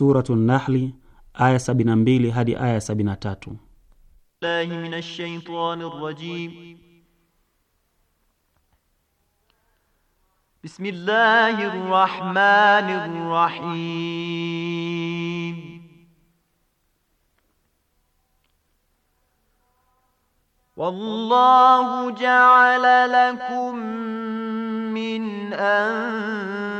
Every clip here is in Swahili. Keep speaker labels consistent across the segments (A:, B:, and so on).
A: Suratu Nahli aya 72 hadi aya 73.
B: Billahi minash shaitani rajim. Bismillahir Rahmanir Rahim. والله جعل لكم من أنفسكم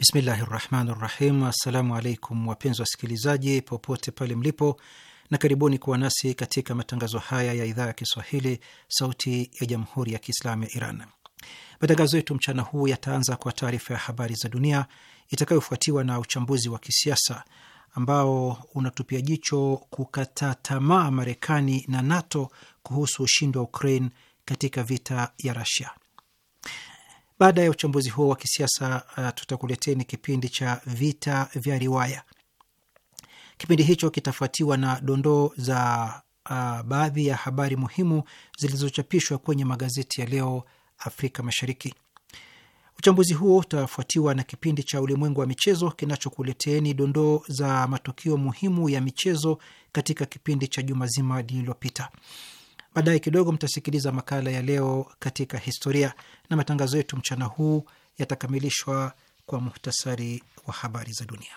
C: Bismillahi rahmani rahim. Assalamu alaikum wapenzi wasikilizaji popote pale mlipo, na karibuni kuwa nasi katika matangazo haya ya idhaa ya Kiswahili sauti ya jamhuri ya Kiislamu ya Iran. Matangazo yetu mchana huu yataanza kwa taarifa ya habari za dunia itakayofuatiwa na uchambuzi wa kisiasa ambao unatupia jicho kukata tamaa Marekani na NATO kuhusu ushindi wa Ukraine katika vita ya rasia baada ya uchambuzi huo wa kisiasa, uh, tutakuleteni kipindi cha vita vya riwaya. Kipindi hicho kitafuatiwa na dondoo za uh, baadhi ya habari muhimu zilizochapishwa kwenye magazeti ya leo Afrika Mashariki. Uchambuzi huo utafuatiwa na kipindi cha ulimwengu wa michezo kinachokuleteeni dondoo za matukio muhimu ya michezo katika kipindi cha juma zima lililopita. Baadaye kidogo mtasikiliza makala ya leo katika historia, na matangazo yetu mchana huu yatakamilishwa kwa muhtasari wa habari za dunia.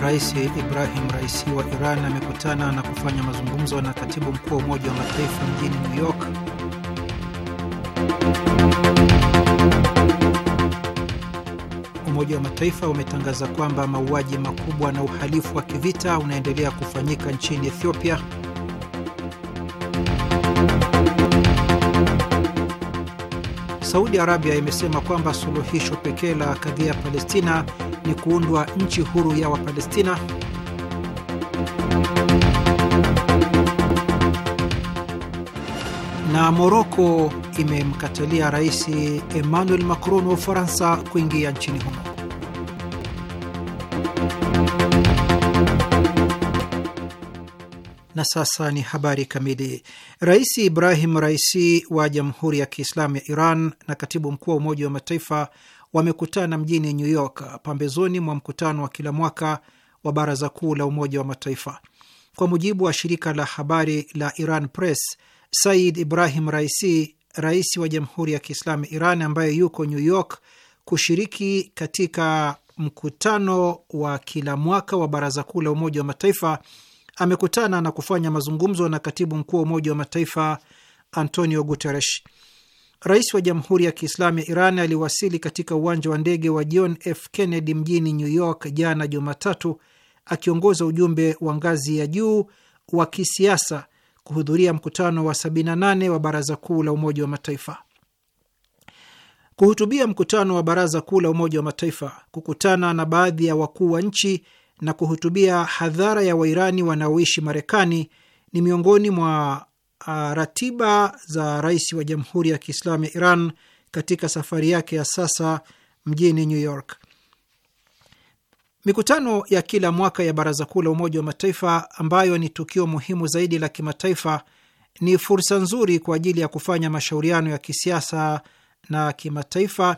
C: Rais Ibrahim Raisi wa Iran amekutana na kufanya mazungumzo na katibu mkuu wa Umoja wa Mataifa mjini New York. Umoja wa Mataifa umetangaza kwamba mauaji makubwa na uhalifu wa kivita unaendelea kufanyika nchini Ethiopia. Saudi Arabia imesema kwamba suluhisho pekee la kadhia ya Palestina ni kuundwa nchi huru ya Wapalestina. Na Moroko imemkatalia Rais Emmanuel Macron wa Ufaransa kuingia nchini humo. Na sasa ni habari kamili. Rais Ibrahim Raisi wa Jamhuri ya Kiislamu ya Iran na katibu mkuu wa Umoja wa Mataifa wamekutana mjini New York pambezoni mwa mkutano wa kila mwaka wa Baraza Kuu la Umoja wa Mataifa. Kwa mujibu wa shirika la habari la Iran Press, Said Ibrahim Raisi, rais wa Jamhuri ya Kiislamu Iran ambaye yuko New York kushiriki katika mkutano wa kila mwaka wa Baraza Kuu la Umoja wa Mataifa, amekutana na kufanya mazungumzo na katibu mkuu wa Umoja wa Mataifa Antonio Guterres. Rais wa Jamhuri ya Kiislamu ya Iran aliwasili katika uwanja wa ndege wa John F Kennedy mjini New York jana Jumatatu, akiongoza ujumbe wa ngazi ya juu wa kisiasa kuhudhuria mkutano wa 78 wa Baraza Kuu la Umoja wa Mataifa. Kuhutubia mkutano wa Baraza Kuu la Umoja wa Mataifa, kukutana na baadhi ya wakuu wa nchi na kuhutubia hadhara ya Wairani wanaoishi Marekani ni miongoni mwa ratiba za rais wa Jamhuri ya Kiislamu ya Iran katika safari yake ya sasa mjini New York. Mikutano ya kila mwaka ya Baraza Kuu la Umoja wa Mataifa, ambayo ni tukio muhimu zaidi la kimataifa, ni fursa nzuri kwa ajili ya kufanya mashauriano ya kisiasa na kimataifa,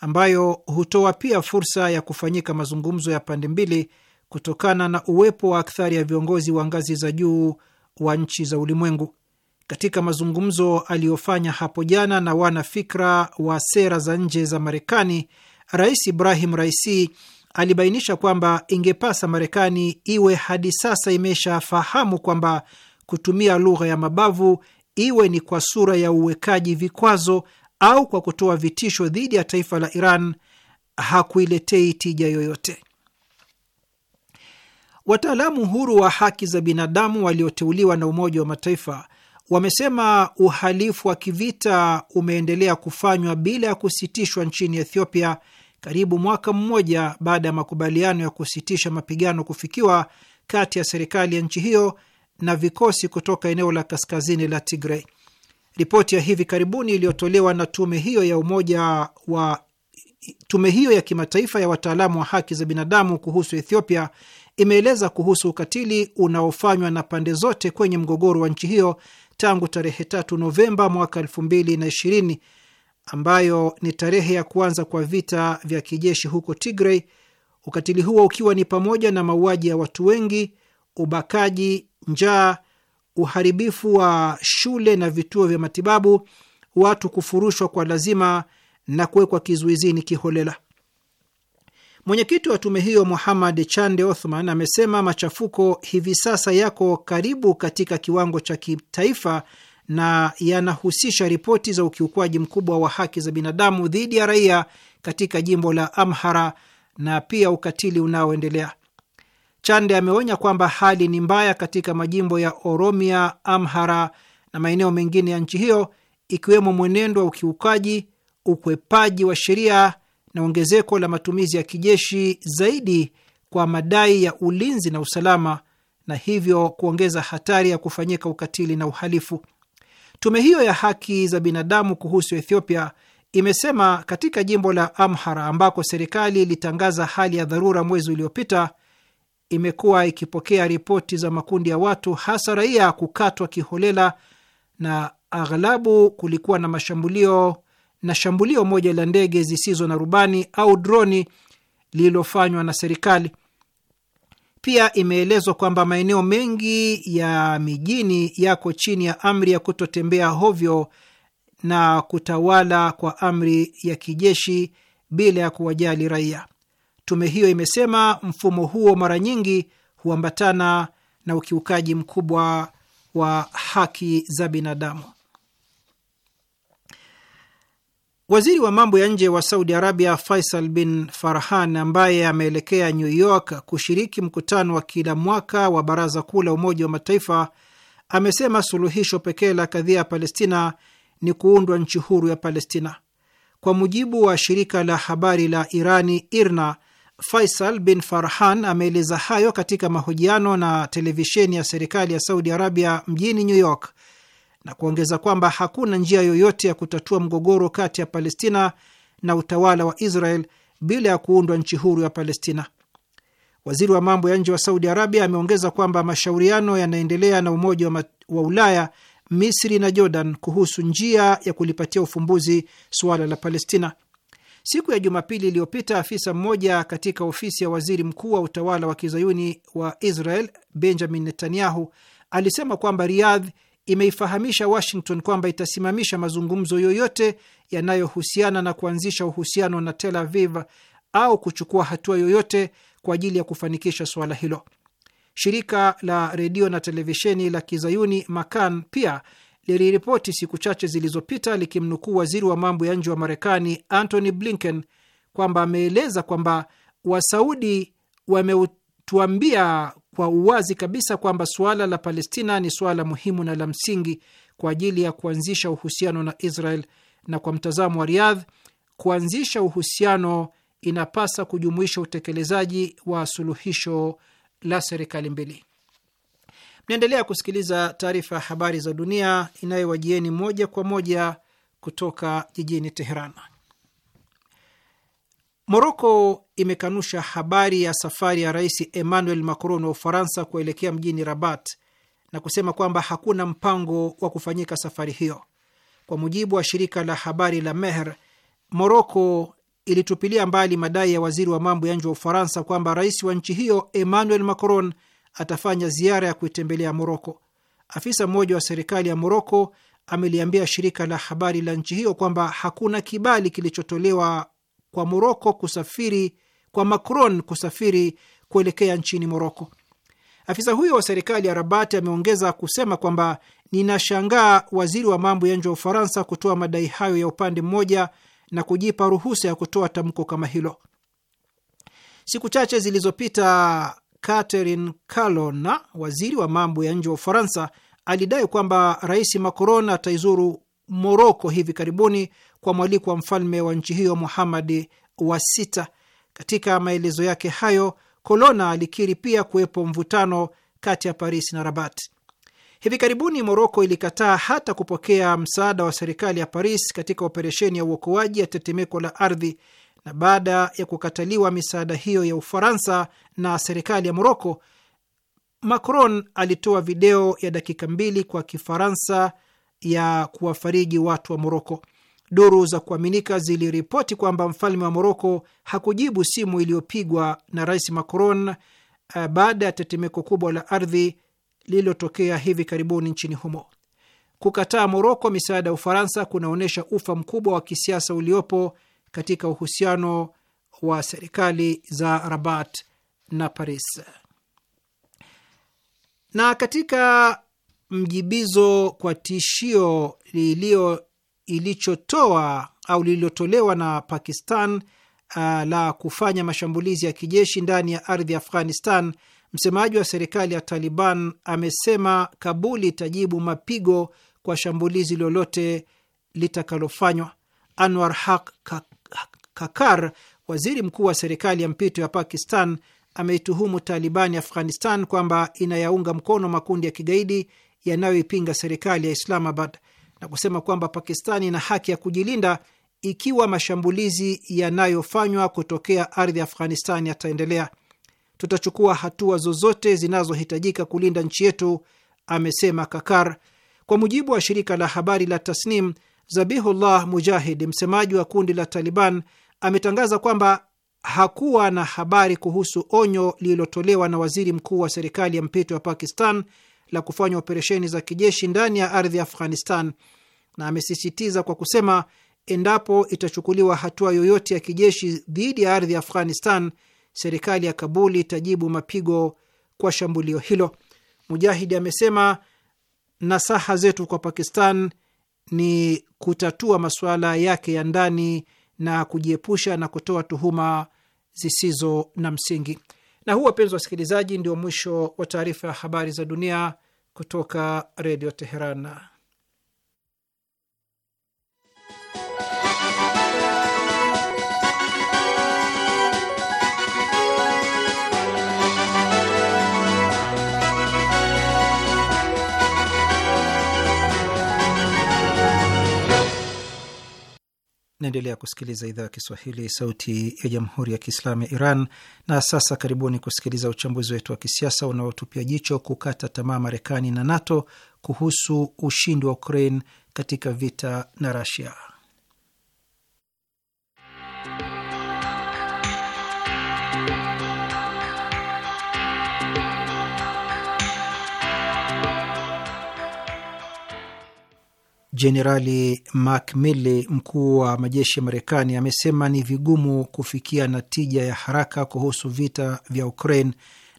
C: ambayo hutoa pia fursa ya kufanyika mazungumzo ya pande mbili kutokana na uwepo wa akthari ya viongozi wa ngazi za juu wa nchi za ulimwengu katika mazungumzo aliyofanya hapo jana na wanafikra wa sera za nje za Marekani, Rais Ibrahim Raisi alibainisha kwamba ingepasa Marekani iwe hadi sasa imeshafahamu kwamba kutumia lugha ya mabavu, iwe ni kwa sura ya uwekaji vikwazo au kwa kutoa vitisho dhidi ya taifa la Iran, hakuiletei tija yoyote. Wataalamu huru wa haki za binadamu walioteuliwa na Umoja wa Mataifa wamesema uhalifu wa kivita umeendelea kufanywa bila ya kusitishwa nchini Ethiopia karibu mwaka mmoja baada ya makubaliano ya kusitisha mapigano kufikiwa kati ya serikali ya nchi hiyo na vikosi kutoka eneo la kaskazini la Tigray. Ripoti ya hivi karibuni iliyotolewa na tume hiyo ya umoja wa tume hiyo ya kimataifa ya wataalamu wa haki za binadamu kuhusu Ethiopia imeeleza kuhusu ukatili unaofanywa na pande zote kwenye mgogoro wa nchi hiyo tangu tarehe tatu Novemba mwaka elfu mbili na ishirini ambayo ni tarehe ya kuanza kwa vita vya kijeshi huko Tigray, ukatili huo ukiwa ni pamoja na mauaji ya watu wengi, ubakaji, njaa, uharibifu wa shule na vituo vya matibabu, watu kufurushwa kwa lazima na kuwekwa kizuizini kiholela. Mwenyekiti wa tume hiyo Muhammad Chande Othman amesema machafuko hivi sasa yako karibu katika kiwango cha kitaifa na yanahusisha ripoti za ukiukwaji mkubwa wa haki za binadamu dhidi ya raia katika jimbo la Amhara na pia ukatili unaoendelea. Chande ameonya kwamba hali ni mbaya katika majimbo ya Oromia, Amhara na maeneo mengine ya nchi hiyo, ikiwemo mwenendo wa ukiukaji, ukwepaji wa sheria na ongezeko la matumizi ya kijeshi zaidi kwa madai ya ulinzi na usalama na hivyo kuongeza hatari ya kufanyika ukatili na uhalifu. Tume hiyo ya haki za binadamu kuhusu Ethiopia imesema katika jimbo la Amhara ambako serikali ilitangaza hali ya dharura mwezi uliopita, imekuwa ikipokea ripoti za makundi ya watu, hasa raia, kukatwa kiholela na aghalabu kulikuwa na mashambulio na shambulio moja la ndege zisizo na rubani au droni lililofanywa na serikali. Pia imeelezwa kwamba maeneo mengi ya mijini yako chini ya amri ya kutotembea hovyo na kutawala kwa amri ya kijeshi bila ya kuwajali raia. Tume hiyo imesema mfumo huo mara nyingi huambatana na ukiukaji mkubwa wa haki za binadamu. Waziri wa mambo ya nje wa Saudi Arabia Faisal bin Farhan, ambaye ameelekea New York kushiriki mkutano wa kila mwaka wa Baraza Kuu la Umoja wa Mataifa, amesema suluhisho pekee la kadhia ya Palestina ni kuundwa nchi huru ya Palestina. Kwa mujibu wa shirika la habari la Irani IRNA, Faisal bin Farhan ameeleza hayo katika mahojiano na televisheni ya serikali ya Saudi Arabia mjini New York na kuongeza kwamba hakuna njia yoyote ya kutatua mgogoro kati ya Palestina na utawala wa Israel bila ya kuundwa nchi huru ya Palestina. Waziri wa mambo ya nje wa Saudi Arabia ameongeza kwamba mashauriano yanaendelea na Umoja wa Ulaya, Misri na Jordan kuhusu njia ya kulipatia ufumbuzi suala la Palestina. Siku ya Jumapili iliyopita, afisa mmoja katika ofisi ya waziri mkuu wa utawala wa kizayuni wa Israel Benjamin Netanyahu alisema kwamba Riyadh imeifahamisha Washington kwamba itasimamisha mazungumzo yoyote yanayohusiana na kuanzisha uhusiano na Tel Aviv au kuchukua hatua yoyote kwa ajili ya kufanikisha suala hilo. Shirika la redio na televisheni la kizayuni Makan pia liliripoti siku chache zilizopita likimnukuu waziri wa mambo ya nje wa Marekani Antony Blinken kwamba ameeleza kwamba Wasaudi wameut tuambia kwa uwazi kabisa kwamba suala la Palestina ni suala muhimu na la msingi kwa ajili ya kuanzisha uhusiano na Israel, na kwa mtazamo wa Riyadh, kuanzisha uhusiano inapasa kujumuisha utekelezaji wa suluhisho la serikali mbili. Mnaendelea kusikiliza taarifa ya habari za dunia inayowajieni moja kwa moja kutoka jijini Teheran. Moroko imekanusha habari ya safari ya Rais Emmanuel Macron wa Ufaransa kuelekea mjini Rabat na kusema kwamba hakuna mpango wa kufanyika safari hiyo. Kwa mujibu wa shirika la habari la Mehr, Moroko ilitupilia mbali madai ya waziri wa mambo ya nje wa Ufaransa kwamba rais wa nchi hiyo Emmanuel Macron atafanya ziara ya kuitembelea Moroko. Afisa mmoja wa serikali ya Moroko ameliambia shirika la habari la nchi hiyo kwamba hakuna kibali kilichotolewa kwa Moroko kusafiri kwa Macron kusafiri kuelekea nchini Moroko. Afisa huyo wa serikali ya Rabat ameongeza kusema kwamba ninashangaa waziri wa mambo ya nje wa Ufaransa kutoa madai hayo ya upande mmoja na kujipa ruhusa ya kutoa tamko kama hilo. Siku chache zilizopita, Catherine Colonna, waziri wa mambo ya nje wa Ufaransa, alidai kwamba Rais Macron ataizuru Moroko hivi karibuni kwa mwaliko wa mfalme wa nchi hiyo Muhamadi wa sita. Katika maelezo yake hayo, Kolona alikiri pia kuwepo mvutano kati ya Paris na Rabat. Hivi karibuni Moroko ilikataa hata kupokea msaada wa serikali ya Paris katika operesheni ya uokoaji ya tetemeko la ardhi, na baada ya kukataliwa misaada hiyo ya Ufaransa na serikali ya Moroko, Macron alitoa video ya dakika mbili kwa Kifaransa ya kuwafariji watu wa Moroko. Duru za kuaminika ziliripoti kwamba mfalme wa Moroko hakujibu simu iliyopigwa na Rais Macron eh, baada ya tetemeko kubwa la ardhi lililotokea hivi karibuni nchini humo. Kukataa Moroko misaada ya Ufaransa kunaonyesha ufa mkubwa wa kisiasa uliopo katika uhusiano wa serikali za Rabat na Paris. Na katika mjibizo kwa tishio liliyo ilichotoa au lililotolewa na Pakistan uh, la kufanya mashambulizi ya kijeshi ndani ya ardhi ya Afghanistan, msemaji wa serikali ya Taliban amesema Kabuli itajibu mapigo kwa shambulizi lolote litakalofanywa. Anwar Haq Kakar, waziri mkuu wa serikali ya mpito ya Pakistan, ameituhumu ya Afghanistan kwamba inayaunga mkono makundi ya kigaidi yanayoipinga serikali ya Islamabad na kusema kwamba Pakistani ina haki ya kujilinda ikiwa mashambulizi yanayofanywa kutokea ardhi ya Afghanistani yataendelea. Tutachukua hatua zozote zinazohitajika kulinda nchi yetu, amesema Kakar. Kwa mujibu wa shirika la habari la Tasnim, Zabihullah Mujahid, msemaji wa kundi la Taliban, ametangaza kwamba hakuwa na habari kuhusu onyo lililotolewa na waziri mkuu wa serikali ya mpito ya Pakistan la kufanya operesheni za kijeshi ndani ya ardhi ya Afghanistan na amesisitiza kwa kusema, endapo itachukuliwa hatua yoyote ya kijeshi dhidi ya ardhi ya Afghanistan, serikali ya Kabuli itajibu mapigo kwa shambulio hilo. Mujahidi amesema nasaha zetu kwa Pakistan ni kutatua masuala yake ya ndani na kujiepusha na kutoa tuhuma zisizo na msingi. Na huu, wapenzi wasikilizaji, ndio mwisho wa taarifa ya habari za dunia kutoka Redio Teheran. Naendelea kusikiliza idhaa ya Kiswahili, sauti ya jamhuri ya kiislamu ya Iran. Na sasa karibuni kusikiliza uchambuzi wetu wa kisiasa unaotupia jicho kukata tamaa Marekani na NATO kuhusu ushindi wa Ukraine katika vita na Rasia. Jenerali Mark Milley, mkuu wa majeshi ya Marekani, amesema ni vigumu kufikia natija ya haraka kuhusu vita vya Ukraine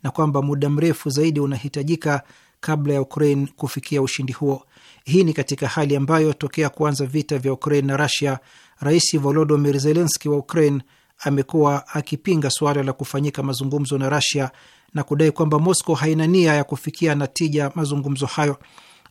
C: na kwamba muda mrefu zaidi unahitajika kabla ya Ukraine kufikia ushindi huo. Hii ni katika hali ambayo tokea kuanza vita vya Ukraine na Russia, Rais Volodymyr Zelensky wa Ukraine amekuwa akipinga suala la kufanyika mazungumzo na Russia na kudai kwamba Moscow haina nia ya kufikia natija mazungumzo hayo.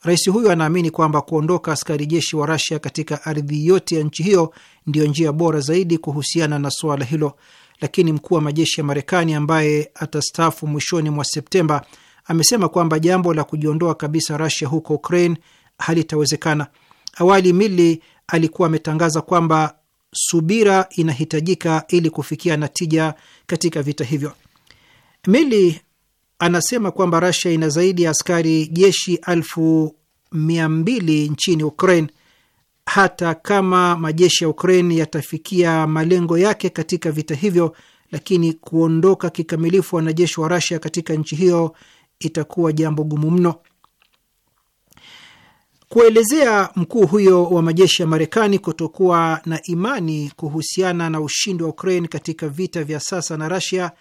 C: Rais huyo anaamini kwamba kuondoka askari jeshi wa Rasia katika ardhi yote ya nchi hiyo ndiyo njia bora zaidi kuhusiana na suala hilo, lakini mkuu wa majeshi ya Marekani ambaye atastaafu mwishoni mwa Septemba amesema kwamba jambo la kujiondoa kabisa Rasia huko Ukraine halitawezekana. Awali Mili alikuwa ametangaza kwamba subira inahitajika ili kufikia natija katika vita hivyo. Mili anasema kwamba Rasia ina zaidi ya askari jeshi elfu mia mbili nchini Ukraine. Hata kama majeshi ya Ukraine yatafikia malengo yake katika vita hivyo, lakini kuondoka kikamilifu wanajeshi wa Rasia katika nchi hiyo itakuwa jambo gumu mno. Kuelezea mkuu huyo wa majeshi ya Marekani kutokuwa na imani kuhusiana na ushindi wa Ukraine katika vita vya sasa na Rasia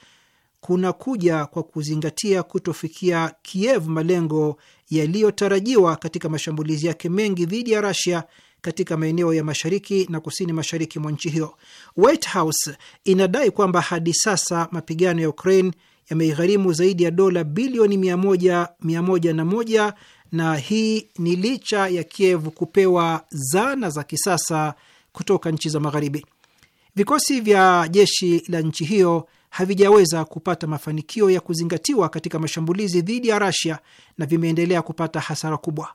C: kunakuja kwa kuzingatia kutofikia Kiev malengo yaliyotarajiwa katika mashambulizi yake mengi dhidi ya Russia katika maeneo ya mashariki na kusini mashariki mwa nchi hiyo. White House inadai kwamba hadi sasa mapigano ya Ukraine yameigharimu zaidi ya dola bilioni mia moja, mia moja na moja, na hii ni licha ya Kiev kupewa zana za kisasa kutoka nchi za magharibi. Vikosi vya jeshi la nchi hiyo havijaweza kupata mafanikio ya kuzingatiwa katika mashambulizi dhidi ya Rasia na vimeendelea kupata hasara kubwa.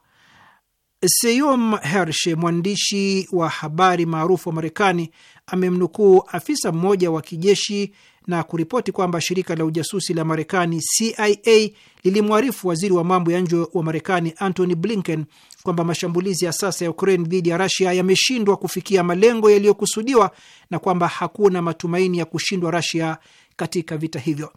C: Seyum Hersh, mwandishi wa habari maarufu wa Marekani, amemnukuu afisa mmoja wa kijeshi na kuripoti kwamba shirika la ujasusi la Marekani CIA lilimwarifu waziri wa mambo ya nje wa Marekani Antony Blinken kwamba mashambulizi ya sasa ya Ukraine dhidi ya rasia yameshindwa kufikia malengo yaliyokusudiwa na kwamba hakuna matumaini ya kushindwa rasia katika vita hivyo.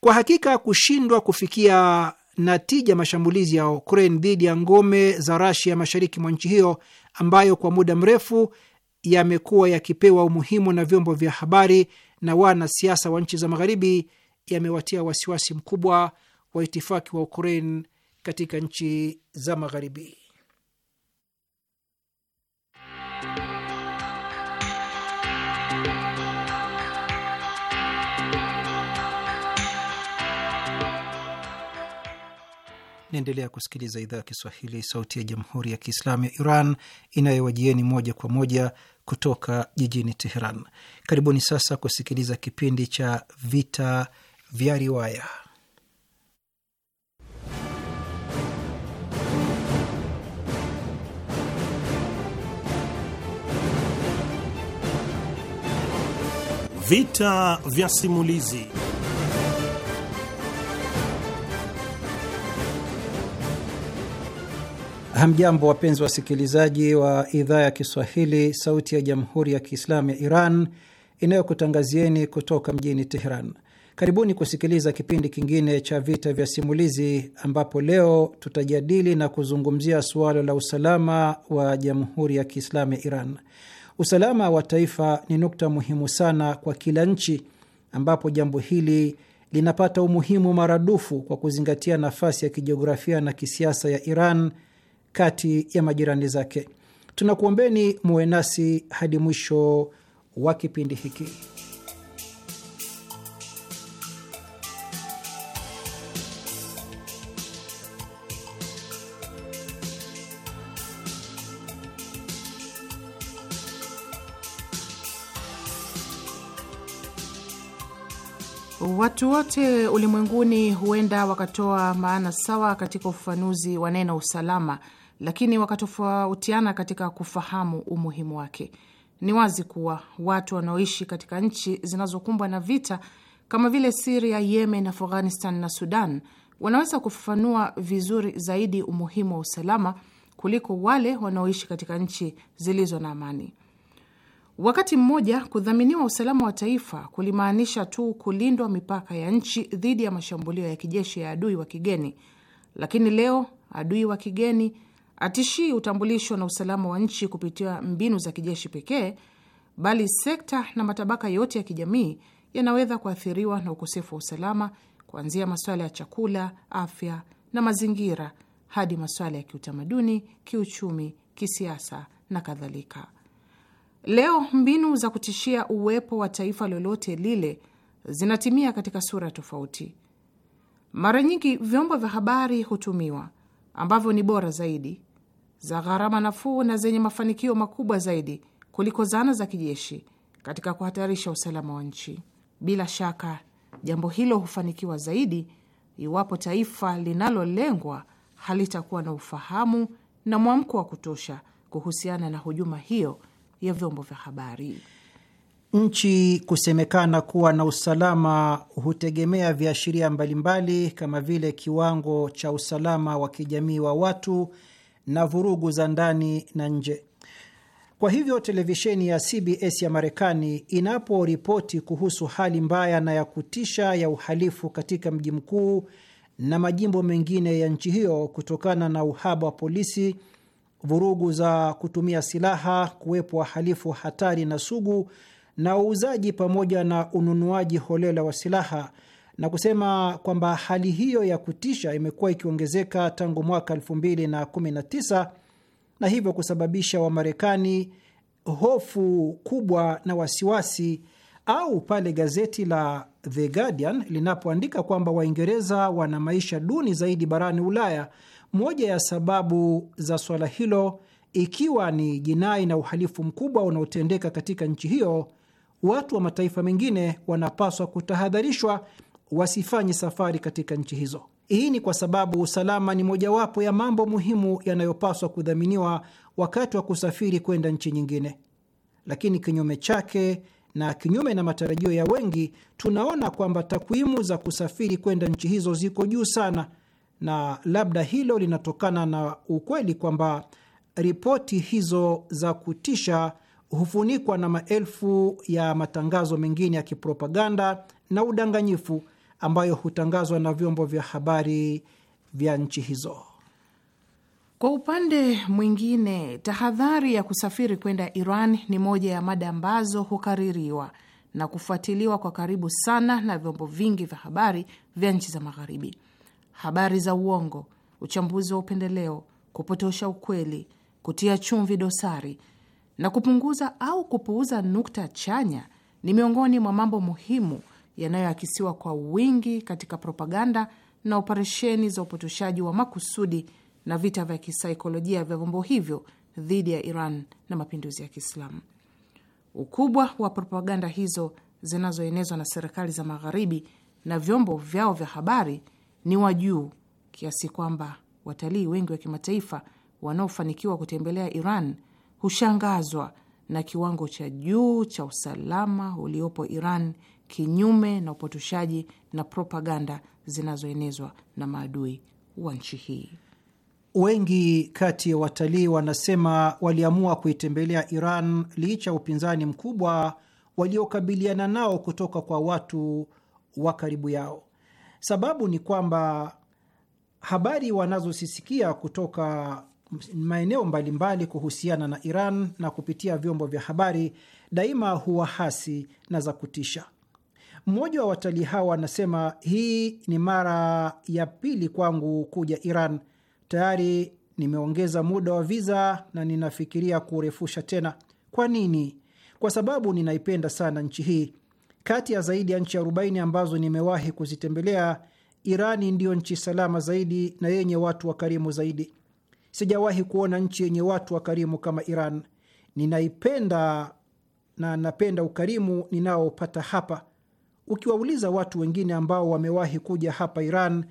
C: Kwa hakika kushindwa kufikia natija mashambulizi ya Ukraine dhidi ya ngome za Rasia mashariki mwa nchi hiyo, ambayo kwa muda mrefu yamekuwa yakipewa umuhimu na vyombo vya habari na wanasiasa wa nchi za Magharibi, yamewatia wasiwasi mkubwa wa itifaki wa Ukraine katika nchi za Magharibi. Naendelea kusikiliza idhaa ya Kiswahili, sauti ya jamhuri ya kiislamu ya Iran inayowajieni moja kwa moja kutoka jijini Teheran. Karibuni sasa kusikiliza kipindi cha Vita vya Riwaya.
A: Vita vya Simulizi.
C: Hamjambo, wapenzi wasikilizaji wa idhaa ya Kiswahili, Sauti ya Jamhuri ya Kiislamu ya Iran inayokutangazieni kutoka mjini Teheran. Karibuni kusikiliza kipindi kingine cha Vita vya Simulizi, ambapo leo tutajadili na kuzungumzia suala la usalama wa Jamhuri ya Kiislamu ya Iran. Usalama wa taifa ni nukta muhimu sana kwa kila nchi, ambapo jambo hili linapata umuhimu maradufu kwa kuzingatia nafasi ya kijiografia na kisiasa ya Iran kati ya majirani zake. Tunakuombeni muwe nasi hadi mwisho wa kipindi hiki.
D: Watu wote ulimwenguni huenda wakatoa maana sawa katika ufafanuzi wa neno usalama lakini wakatofautiana katika kufahamu umuhimu wake. Ni wazi kuwa watu wanaoishi katika nchi zinazokumbwa na vita kama vile Siria, Yemen, Afghanistan na Sudan wanaweza kufafanua vizuri zaidi umuhimu wa usalama kuliko wale wanaoishi katika nchi zilizo na amani. Wakati mmoja, kudhaminiwa usalama wa taifa kulimaanisha tu kulindwa mipaka ya nchi dhidi ya mashambulio ya kijeshi ya adui wa kigeni, lakini leo adui wa kigeni atishii utambulisho na usalama wa nchi kupitia mbinu za kijeshi pekee, bali sekta na matabaka yote ya kijamii yanaweza kuathiriwa na ukosefu wa usalama, kuanzia masuala ya chakula, afya na mazingira hadi masuala ya kiutamaduni, kiuchumi, kisiasa na kadhalika. Leo mbinu za kutishia uwepo wa taifa lolote lile zinatimia katika sura tofauti. Mara nyingi vyombo vya habari hutumiwa ambavyo ni bora zaidi za gharama nafuu na zenye mafanikio makubwa zaidi kuliko zana za kijeshi katika kuhatarisha usalama wa nchi. Bila shaka jambo hilo hufanikiwa zaidi iwapo taifa linalolengwa halitakuwa na ufahamu na mwamko wa kutosha kuhusiana na hujuma hiyo ya vyombo vya habari.
C: Nchi kusemekana kuwa na usalama hutegemea viashiria mbalimbali kama vile kiwango cha usalama wa kijamii wa watu na vurugu za ndani na nje. Kwa hivyo televisheni ya CBS ya Marekani inaporipoti kuhusu hali mbaya na ya kutisha ya uhalifu katika mji mkuu na majimbo mengine ya nchi hiyo kutokana na uhaba wa polisi, vurugu za kutumia silaha, kuwepo wahalifu hatari na sugu, na uuzaji pamoja na ununuaji holela wa silaha na kusema kwamba hali hiyo ya kutisha imekuwa ikiongezeka tangu mwaka 2019 na, na hivyo kusababisha Wamarekani hofu kubwa na wasiwasi, au pale gazeti la The Guardian linapoandika kwamba Waingereza wana maisha duni zaidi barani Ulaya, moja ya sababu za swala hilo ikiwa ni jinai na uhalifu mkubwa unaotendeka katika nchi hiyo. Watu wa mataifa mengine wanapaswa kutahadharishwa wasifanye safari katika nchi hizo. Hii ni kwa sababu usalama ni mojawapo ya mambo muhimu yanayopaswa kudhaminiwa wakati wa kusafiri kwenda nchi nyingine, lakini kinyume chake na kinyume na matarajio ya wengi, tunaona kwamba takwimu za kusafiri kwenda nchi hizo ziko juu sana, na labda hilo linatokana na ukweli kwamba ripoti hizo za kutisha hufunikwa na maelfu ya matangazo mengine ya kipropaganda na udanganyifu ambayo hutangazwa na vyombo vya habari vya nchi hizo.
D: Kwa upande mwingine, tahadhari ya kusafiri kwenda Iran ni moja ya mada ambazo hukaririwa na kufuatiliwa kwa karibu sana na vyombo vingi vya habari vya nchi za Magharibi. Habari za uongo, uchambuzi wa upendeleo, kupotosha ukweli, kutia chumvi dosari na kupunguza au kupuuza nukta chanya ni miongoni mwa mambo muhimu yanayoakisiwa kwa wingi katika propaganda na operesheni za upotoshaji wa makusudi na vita vya kisaikolojia vya vyombo hivyo dhidi ya Iran na mapinduzi ya Kiislamu. Ukubwa wa propaganda hizo zinazoenezwa na serikali za Magharibi na vyombo vyao vya habari ni wa juu kiasi kwamba watalii wengi wa kimataifa wanaofanikiwa kutembelea Iran hushangazwa na kiwango cha juu cha usalama uliopo Iran kinyume na upotoshaji na propaganda zinazoenezwa na maadui wa nchi hii.
C: Wengi kati ya watalii wanasema waliamua kuitembelea Iran licha ya upinzani mkubwa waliokabiliana nao kutoka kwa watu wa karibu yao. Sababu ni kwamba habari wanazosisikia kutoka maeneo mbalimbali kuhusiana na Iran na kupitia vyombo vya habari daima huwa hasi na za kutisha. Mmoja wa watalii hawa anasema, hii ni mara ya pili kwangu kuja Iran. Tayari nimeongeza muda wa viza na ninafikiria kurefusha tena. Kwa nini? Kwa sababu ninaipenda sana nchi hii. Kati ya zaidi ya nchi 40 ambazo nimewahi kuzitembelea, Irani ndiyo nchi salama zaidi na yenye watu wakarimu zaidi. Sijawahi kuona nchi yenye watu wakarimu kama Iran. Ninaipenda na napenda ukarimu ninaopata hapa. Ukiwauliza watu wengine ambao wamewahi kuja hapa Iran,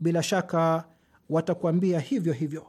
C: bila shaka watakuambia hivyo hivyo.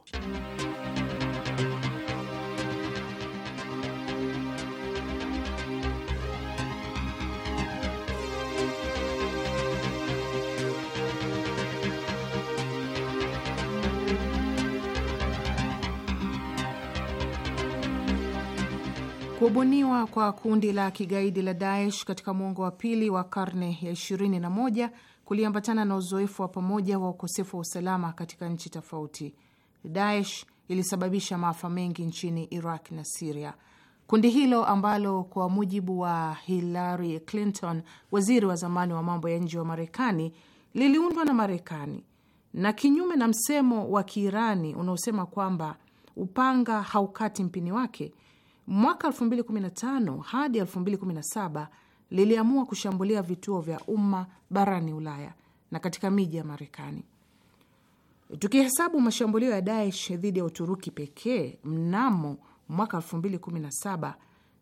D: Kubuniwa kwa kundi la kigaidi la Daesh katika mwongo wa pili wa karne ya 21 kuliambatana na uzoefu wa pamoja wa ukosefu wa usalama katika nchi tofauti. Daesh ilisababisha maafa mengi nchini Iraq na Siria. Kundi hilo ambalo kwa mujibu wa Hillary Clinton, waziri wa zamani wa mambo ya nje wa Marekani, liliundwa na Marekani na kinyume na msemo wa Kiirani unaosema kwamba upanga haukati mpini wake Mwaka 2015 hadi 2017 liliamua kushambulia vituo vya umma barani Ulaya na katika miji ya Marekani. Tukihesabu mashambulio ya Daesh dhidi ya Uturuki pekee mnamo mwaka 2017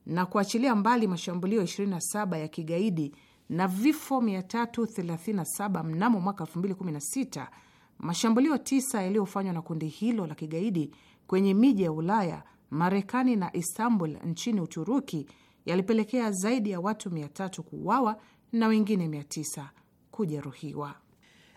D: na kuachilia mbali mashambulio 27 ya kigaidi na vifo 337 mnamo mwaka 2016, mashambulio tisa yaliyofanywa na kundi hilo la kigaidi kwenye miji ya Ulaya Marekani na Istanbul nchini Uturuki yalipelekea zaidi ya watu tatu kuuawa na wengine tisa kujeruhiwa.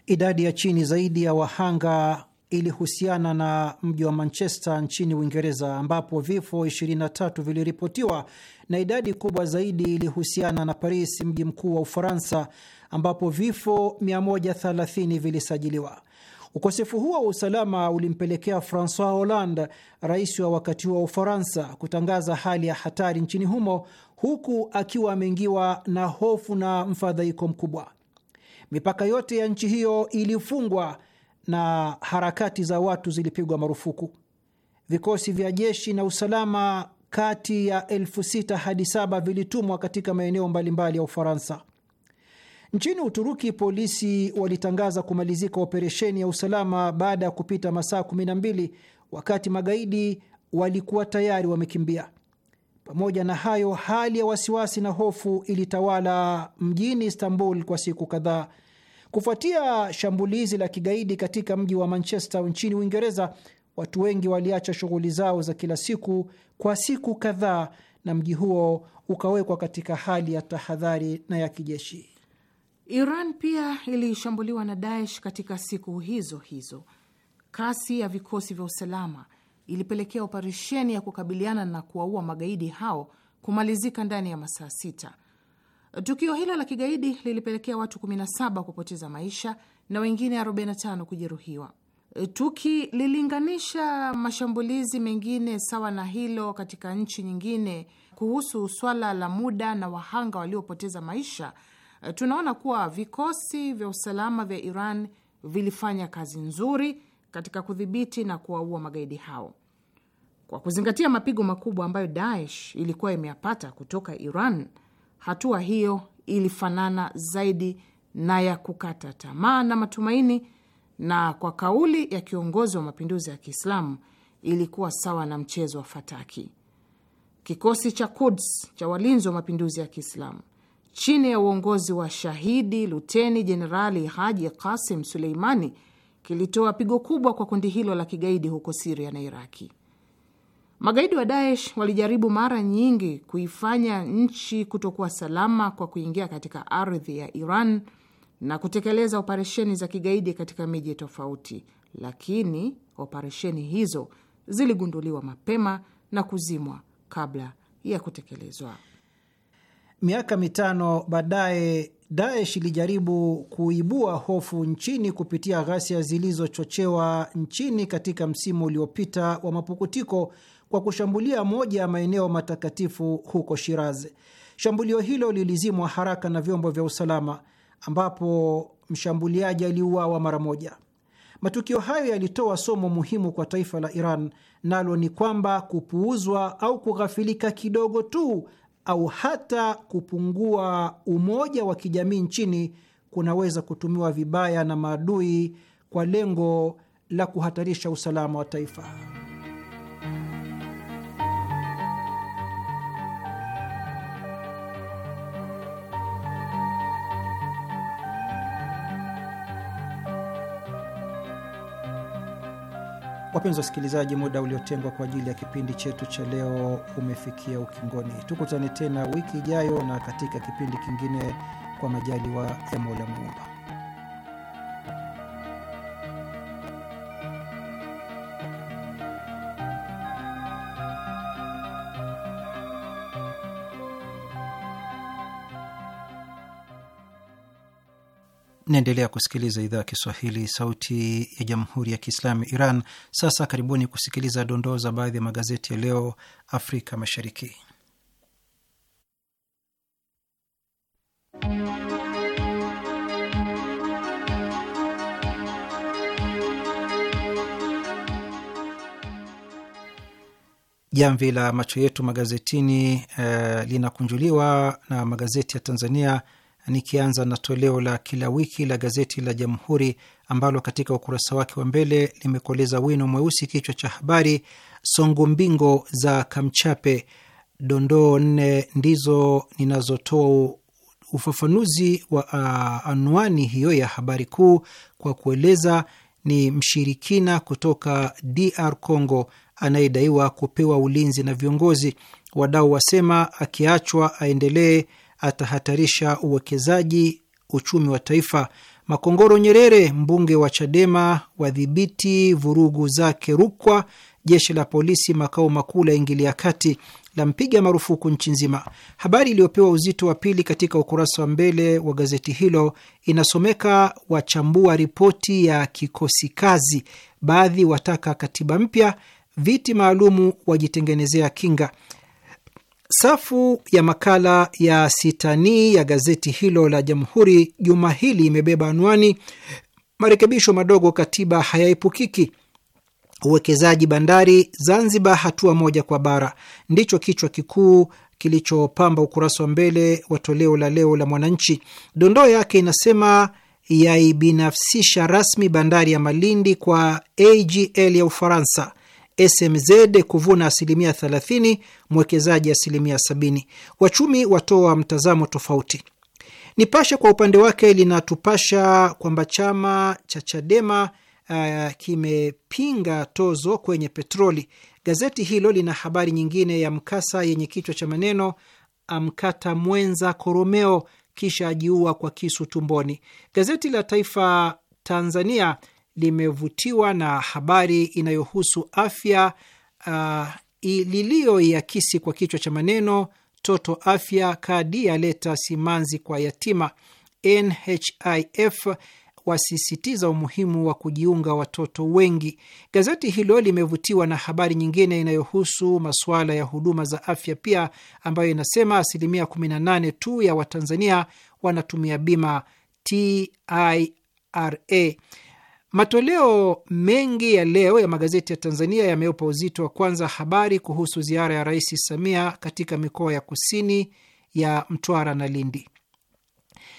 C: Idadi ya chini zaidi ya wahanga ilihusiana na mji wa Manchester nchini Uingereza, ambapo vifo 23 viliripotiwa na idadi kubwa zaidi ilihusiana na Paris, mji mkuu wa Ufaransa, ambapo vifo 130 vilisajiliwa. Ukosefu huo wa usalama ulimpelekea Francois Hollande, rais wa wakati huo wa Ufaransa, kutangaza hali ya hatari nchini humo, huku akiwa ameingiwa na hofu na mfadhaiko mkubwa. Mipaka yote ya nchi hiyo ilifungwa na harakati za watu zilipigwa marufuku. Vikosi vya jeshi na usalama kati ya elfu sita hadi saba vilitumwa katika maeneo mbalimbali ya Ufaransa. Nchini Uturuki, polisi walitangaza kumalizika operesheni ya usalama baada ya kupita masaa 12 wakati magaidi walikuwa tayari wamekimbia. Pamoja na hayo, hali ya wasiwasi na hofu ilitawala mjini Istanbul kwa siku kadhaa kufuatia shambulizi la kigaidi katika mji wa Manchester nchini Uingereza. Watu wengi waliacha shughuli zao za kila siku kwa siku kadhaa, na mji huo ukawekwa katika hali
D: ya tahadhari na ya kijeshi. Iran pia ilishambuliwa na Daesh katika siku hizo hizo. Kasi ya vikosi vya usalama ilipelekea operesheni ya kukabiliana na kuwaua magaidi hao kumalizika ndani ya masaa sita. Tukio hilo la kigaidi lilipelekea watu 17 kupoteza maisha na wengine 45 kujeruhiwa. Tukililinganisha mashambulizi mengine sawa na hilo katika nchi nyingine kuhusu swala la muda na wahanga waliopoteza maisha Eh, tunaona kuwa vikosi vya usalama vya Iran vilifanya kazi nzuri katika kudhibiti na kuwaua magaidi hao. Kwa kuzingatia mapigo makubwa ambayo Daesh ilikuwa imeyapata kutoka Iran, hatua hiyo ilifanana zaidi na ya kukata tamaa na matumaini, na kwa kauli ya kiongozi wa mapinduzi ya Kiislamu ilikuwa sawa na mchezo wa fataki. Kikosi cha Quds cha walinzi wa mapinduzi ya Kiislamu chini ya uongozi wa shahidi luteni jenerali Haji Kasim Suleimani kilitoa pigo kubwa kwa kundi hilo la kigaidi huko Siria na Iraki. Magaidi wa Daesh walijaribu mara nyingi kuifanya nchi kutokuwa salama kwa kuingia katika ardhi ya Iran na kutekeleza operesheni za kigaidi katika miji tofauti, lakini operesheni hizo ziligunduliwa mapema na kuzimwa kabla ya kutekelezwa.
C: Miaka mitano baadaye Daesh ilijaribu kuibua hofu nchini kupitia ghasia zilizochochewa nchini katika msimu uliopita wa mapukutiko kwa kushambulia moja ya maeneo matakatifu huko Shiraz. Shambulio hilo lilizimwa haraka na vyombo vya usalama ambapo mshambuliaji aliuawa mara moja. Matukio hayo yalitoa somo muhimu kwa taifa la Iran, nalo ni kwamba kupuuzwa au kughafilika kidogo tu au hata kupungua umoja wa kijamii nchini kunaweza kutumiwa vibaya na maadui kwa lengo la kuhatarisha usalama wa taifa. Wapenzi wasikilizaji, muda uliotengwa kwa ajili ya kipindi chetu cha leo umefikia ukingoni. Tukutane tena wiki ijayo na katika kipindi kingine, kwa majaliwa ya Mola Muumba. Naendelea kusikiliza idhaa ya Kiswahili, sauti ya jamhuri ya kiislamu ya Iran. Sasa karibuni kusikiliza dondoo za baadhi ya magazeti ya leo Afrika Mashariki. Jamvi la macho yetu magazetini eh, linakunjuliwa na magazeti ya Tanzania nikianza na toleo la kila wiki la gazeti la Jamhuri ambalo katika ukurasa wake wa mbele limekoleza wino mweusi kichwa cha habari songo mbingo za Kamchape. Dondoo nne ndizo ninazotoa ufafanuzi wa uh, anwani hiyo ya habari kuu kwa kueleza ni mshirikina kutoka DR Congo anayedaiwa kupewa ulinzi na viongozi wadau, wasema akiachwa aendelee atahatarisha uwekezaji, uchumi wa taifa. Makongoro Nyerere, mbunge wa Chadema, wadhibiti vurugu zake Rukwa. Jeshi la polisi makao makuu la ingilia kati la mpiga marufuku nchi nzima. Habari iliyopewa uzito wa pili katika ukurasa wa mbele wa gazeti hilo inasomeka, wachambua ripoti ya kikosi kazi, baadhi wataka katiba mpya, viti maalumu wajitengenezea kinga. Safu ya makala ya sitani ya gazeti hilo la Jamhuri juma hili imebeba anwani, marekebisho madogo katiba hayaepukiki, uwekezaji bandari Zanzibar hatua moja kwa bara, ndicho kichwa kikuu kilichopamba ukurasa wa mbele wa toleo la leo la Mwananchi. Dondoo yake inasema yaibinafsisha rasmi bandari ya Malindi kwa AGL ya Ufaransa. SMZ kuvuna asilimia 30, mwekezaji asilimia 70. Wachumi watoa mtazamo tofauti. Nipashe kwa upande wake linatupasha kwamba chama cha Chadema uh, kimepinga tozo kwenye petroli. Gazeti hilo lina habari nyingine ya mkasa yenye kichwa cha maneno amkata mwenza koromeo kisha ajiua kwa kisu tumboni. Gazeti la Taifa Tanzania limevutiwa na habari inayohusu afya uh, liliyoiakisi kwa kichwa cha maneno toto afya kadi yaleta simanzi kwa yatima. NHIF wasisitiza umuhimu wa kujiunga watoto wengi. Gazeti hilo limevutiwa na habari nyingine inayohusu masuala ya huduma za afya pia, ambayo inasema asilimia 18 tu ya Watanzania wanatumia bima TIRA. Matoleo mengi ya leo ya magazeti ya Tanzania yameupa uzito wa kwanza habari kuhusu ziara ya Rais Samia katika mikoa ya kusini ya Mtwara na Lindi.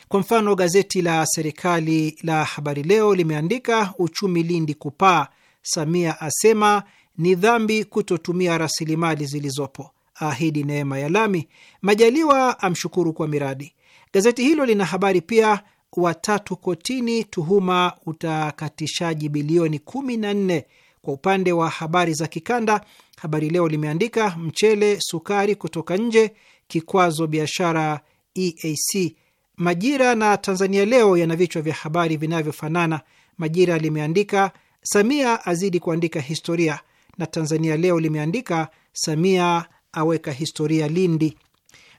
C: Kwa mfano, gazeti la serikali la Habari Leo limeandika uchumi Lindi kupaa, Samia asema ni dhambi kutotumia rasilimali zilizopo, ahidi neema ya lami, Majaliwa amshukuru kwa miradi. Gazeti hilo lina habari pia watatu kotini tuhuma utakatishaji bilioni kumi na nne Kwa upande wa habari za kikanda, Habari Leo limeandika mchele, sukari kutoka nje, kikwazo biashara EAC. Majira na Tanzania Leo yana vichwa vya habari vinavyofanana. Majira limeandika Samia azidi kuandika historia, na Tanzania Leo limeandika Samia aweka historia Lindi.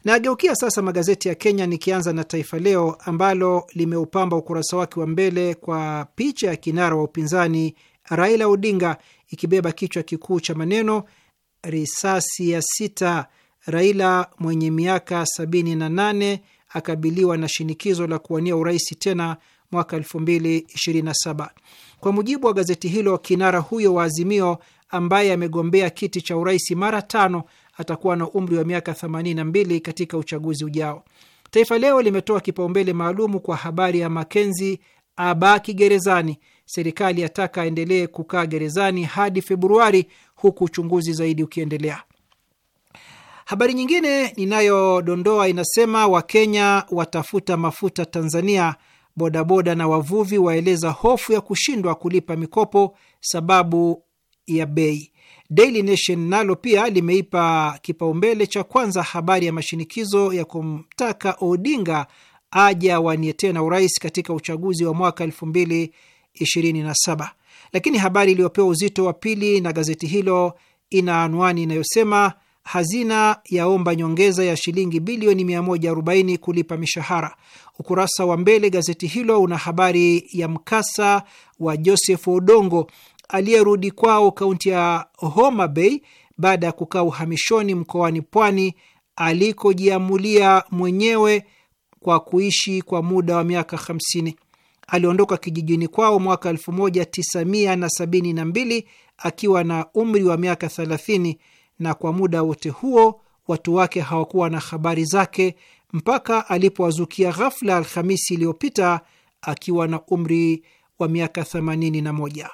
C: Nageukia sasa magazeti ya Kenya, nikianza na Taifa Leo ambalo limeupamba ukurasa wake wa mbele kwa picha ya kinara wa upinzani Raila Odinga ikibeba kichwa kikuu cha maneno risasi ya sita, Raila mwenye miaka 78 akabiliwa na shinikizo la kuwania urais tena mwaka saba. Kwa mujibu wa gazeti hilo, kinara huyo wa Azimio ambaye amegombea kiti cha urais mara tano atakuwa na umri wa miaka 82 katika uchaguzi ujao. Taifa Leo limetoa kipaumbele maalumu kwa habari ya Makenzi abaki gerezani, serikali yataka aendelee kukaa gerezani hadi Februari, huku uchunguzi zaidi ukiendelea. Habari nyingine ninayodondoa inasema Wakenya watafuta mafuta Tanzania, bodaboda na wavuvi waeleza hofu ya kushindwa kulipa mikopo sababu ya bei. Daily Nation nalo pia limeipa kipaumbele cha kwanza habari ya mashinikizo ya kumtaka Odinga aje awanie tena urais katika uchaguzi wa mwaka 2027 lakini habari iliyopewa uzito wa pili na gazeti hilo ina anwani inayosema hazina yaomba nyongeza ya shilingi bilioni 140 kulipa mishahara. Ukurasa wa mbele gazeti hilo una habari ya mkasa wa Joseph Odongo aliyerudi kwao kaunti ya Homa Bay baada ya kukaa uhamishoni mkoani Pwani alikojiamulia mwenyewe kwa kuishi kwa muda wa miaka 50. Aliondoka kijijini kwao mwaka 1972 akiwa na umri wa miaka 30, na kwa muda wote huo watu wake hawakuwa na habari zake mpaka alipowazukia ghafla Alhamisi iliyopita akiwa na umri wa miaka 81.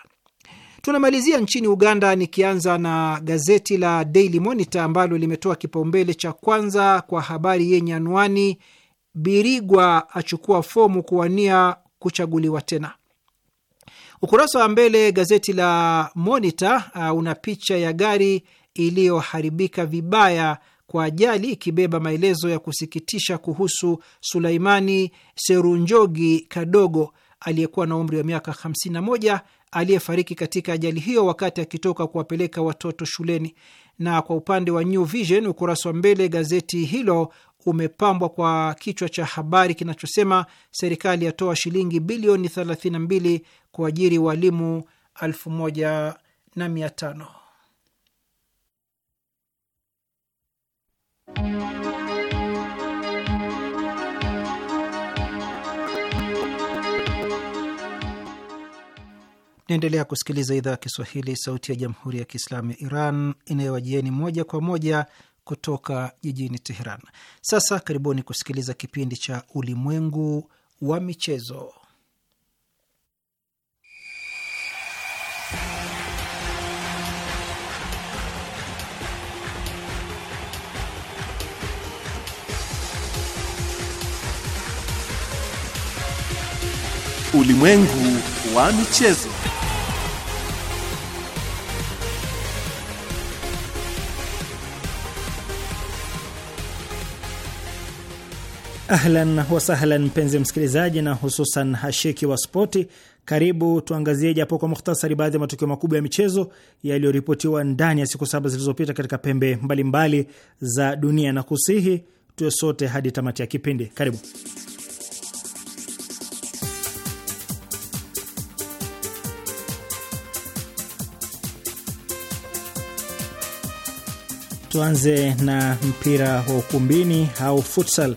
C: Tunamalizia nchini Uganda, nikianza na gazeti la Daily Monitor ambalo limetoa kipaumbele cha kwanza kwa habari yenye anwani Birigwa achukua fomu kuwania kuchaguliwa tena. Ukurasa wa mbele gazeti la Monitor uh, una picha ya gari iliyoharibika vibaya kwa ajali ikibeba maelezo ya kusikitisha kuhusu Sulaimani Serunjogi Kadogo aliyekuwa na umri wa miaka aliyefariki katika ajali hiyo wakati akitoka kuwapeleka watoto shuleni. Na kwa upande wa New Vision, ukurasa wa mbele gazeti hilo umepambwa kwa kichwa cha habari kinachosema serikali yatoa shilingi bilioni 32 kuajiri walimu 1500. Naendelea kusikiliza idhaa ya Kiswahili, sauti ya jamhuri ya kiislamu ya Iran inayowajieni moja kwa moja kutoka jijini Teheran. Sasa karibuni kusikiliza kipindi cha Ulimwengu wa Michezo.
A: Ulimwengu wa Michezo. Ahlan wasahlan mpenzi msikilizaji, na hususan hashiki wa spoti, karibu tuangazie japo kwa muhtasari baadhi ya matukio makubwa ya michezo yaliyoripotiwa ndani ya siku saba zilizopita katika pembe mbalimbali mbali za dunia, na kusihi tuwe sote hadi tamati ya kipindi. Karibu. Tuanze na mpira wa ukumbini au futsal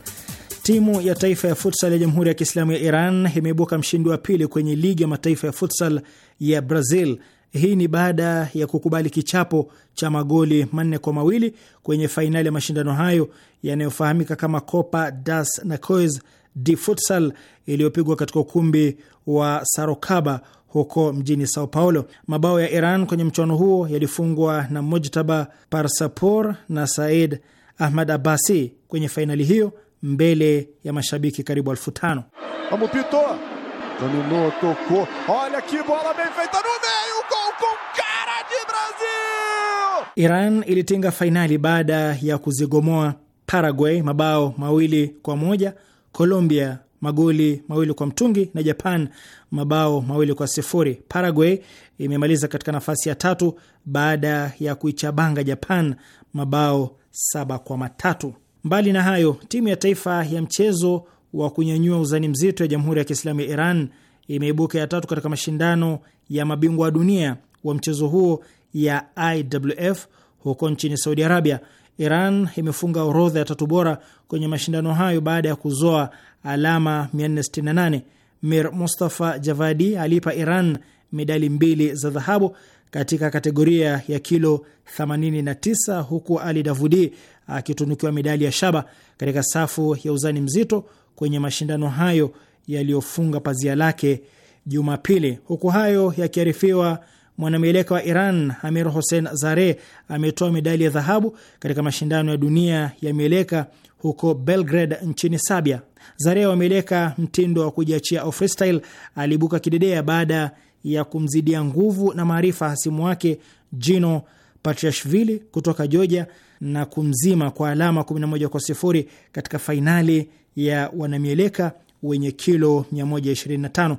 A: Timu ya taifa ya futsal ya Jamhuri ya Kiislamu ya Iran imeibuka mshindi wa pili kwenye ligi ya mataifa ya futsal ya Brazil. Hii ni baada ya kukubali kichapo cha magoli manne kwa mawili kwenye fainali ya mashindano hayo yanayofahamika kama Copa das Nações de Futsal iliyopigwa katika ukumbi wa Sarokaba huko mjini Sao Paulo. Mabao ya Iran kwenye mchuano huo yalifungwa na Mojtaba Parsapor na Said Ahmad Abasi kwenye fainali hiyo mbele ya mashabiki karibu elfu tano.
B: Vamos Pitor, dominou,
A: tocou, olha
B: que bola bem feita no meio, gol com cara de
A: Brasil. Iran ilitinga fainali baada ya kuzigomoa Paraguay mabao mawili kwa moja, Colombia magoli mawili kwa mtungi na Japan mabao mawili kwa sifuri. Paraguay imemaliza katika nafasi ya tatu baada ya kuichabanga Japan mabao saba kwa matatu. Mbali na hayo, timu ya taifa ya mchezo wa kunyanyua uzani mzito ya Jamhuri ya Kiislamu ya Iran imeibuka ya tatu katika mashindano ya mabingwa wa dunia wa mchezo huo ya IWF huko nchini Saudi Arabia. Iran imefunga orodha ya tatu bora kwenye mashindano hayo baada ya kuzoa alama 468. Mir Mustafa Javadi aliipa Iran medali mbili za dhahabu katika kategoria ya kilo 89 huku Ali Davudi akitunukiwa medali ya shaba katika safu ya uzani mzito kwenye mashindano hayo yaliyofunga pazia lake Jumapili. Huku hayo yakiarifiwa, mwanamieleka wa Iran Amir Hossein Zare ametoa medali ya dhahabu katika mashindano ya dunia ya mieleka huko Belgrade nchini Sabia. Zare wa mieleka mtindo wa kujiachia au freestyle aliibuka kidedea baada ya kumzidia nguvu na maarifa hasimu wake Gino Patriashvili kutoka Georgia na kumzima kwa alama 11 kwa sifuri katika fainali ya wanamieleka wenye kilo 125.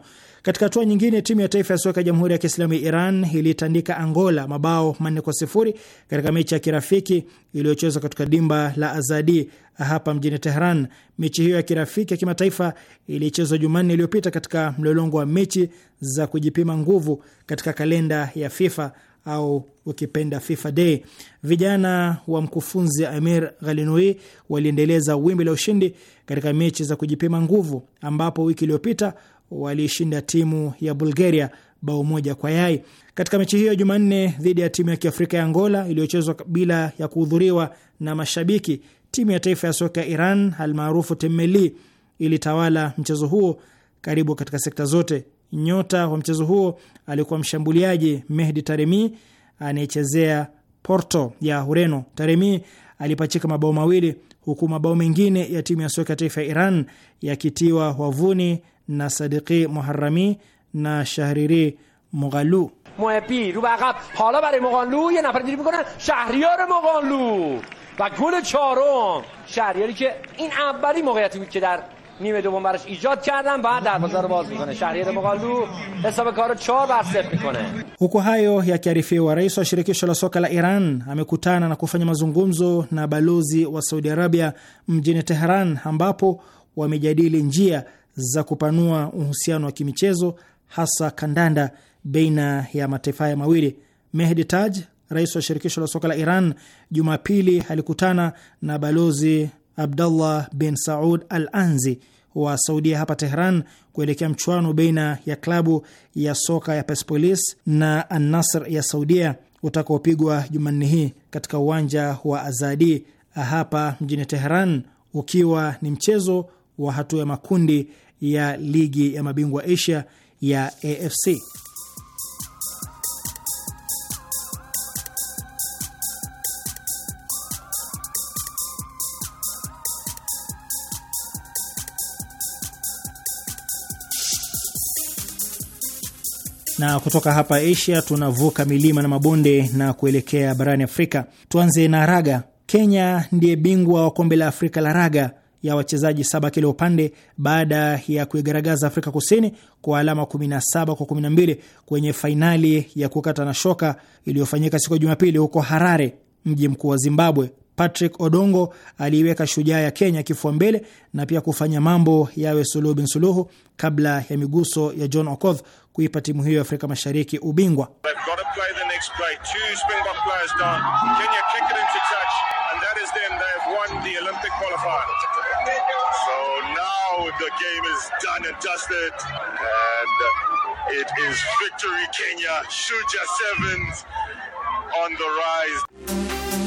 A: Katika hatua nyingine, timu ya taifa ya soka ya Jamhuri ya Kiislamu ya Iran ilitandika Angola mabao manne kwa sifuri katika mechi ya kirafiki iliyochezwa katika dimba la Azadi hapa mjini Tehran. Mechi hiyo ya kirafiki ya kimataifa ilichezwa Jumanne iliyopita katika mlolongo wa mechi za kujipima nguvu katika kalenda ya FIFA au ukipenda FIFA Day. Vijana wa mkufunzi Amir Ghalinui waliendeleza wimbi la ushindi katika mechi za kujipima nguvu, ambapo wiki iliyopita waliishinda timu ya Bulgaria bao moja kwa yai katika mechi hiyo Jumanne dhidi ya timu ya kiafrika ya Angola iliyochezwa bila ya kuhudhuriwa na mashabiki. Timu ya taifa ya soka ya Iran almaarufu Temmeli ilitawala mchezo huo karibu katika sekta zote. Nyota wa mchezo huo alikuwa mshambuliaji Mehdi Taremi anayechezea Porto ya Ureno. Taremi alipachika mabao mawili huku mabao mengine ya timu ya soka ya taifa ya Iran yakitiwa wavuni na صدیقی محرمی نه شهریری مغلو
B: محبی رو به عقب حالا برای مغانلو یه نفر دیری میکنن شهریار مغانلو و گل چهارم شهریاری که این اولی موقعیتی بود که در نیمه دوم براش ایجاد کردن بعد دروازه رو باز میکنه شهریار مغالو حساب کارو 4 بر 0 میکنه
A: huku hayo yakiarifiwa rais wa shirikisho la soka la Iran amekutana na kufanya mazungumzo na balozi wa Saudi Arabia mjini Tehran ambapo wamejadili njia za kupanua uhusiano wa kimichezo hasa kandanda baina ya mataifa haya mawili. Mehdi Taj, rais wa shirikisho la soka la Iran, Jumapili alikutana na balozi Abdallah bin Saud Al Anzi wa Saudia hapa Tehran kuelekea mchuano baina ya klabu ya soka ya Persepolis na anasr ya Saudia utakaopigwa Jumanne hii katika uwanja wa Azadi hapa mjini Tehran, ukiwa ni mchezo wa hatua ya makundi ya ligi ya mabingwa Asia ya AFC. na kutoka hapa Asia tunavuka milima na mabonde na kuelekea barani Afrika. Tuanze na raga. Kenya ndiye bingwa wa kombe la Afrika la raga ya wachezaji saba kila upande baada ya kuigaragaza Afrika Kusini kwa alama 17 kwa 12 kwenye fainali ya kukata na shoka iliyofanyika siku ya Jumapili huko Harare, mji mkuu wa Zimbabwe. Patrick Odongo aliiweka Shujaa ya Kenya kifua mbele na pia kufanya mambo yawe suluhu bin suluhu kabla ya miguso ya John Okoth kuipa timu hiyo ya Afrika Mashariki ubingwa.
E: The game is done and dusted, and it is victory Kenya. Shuja Sevens on the rise.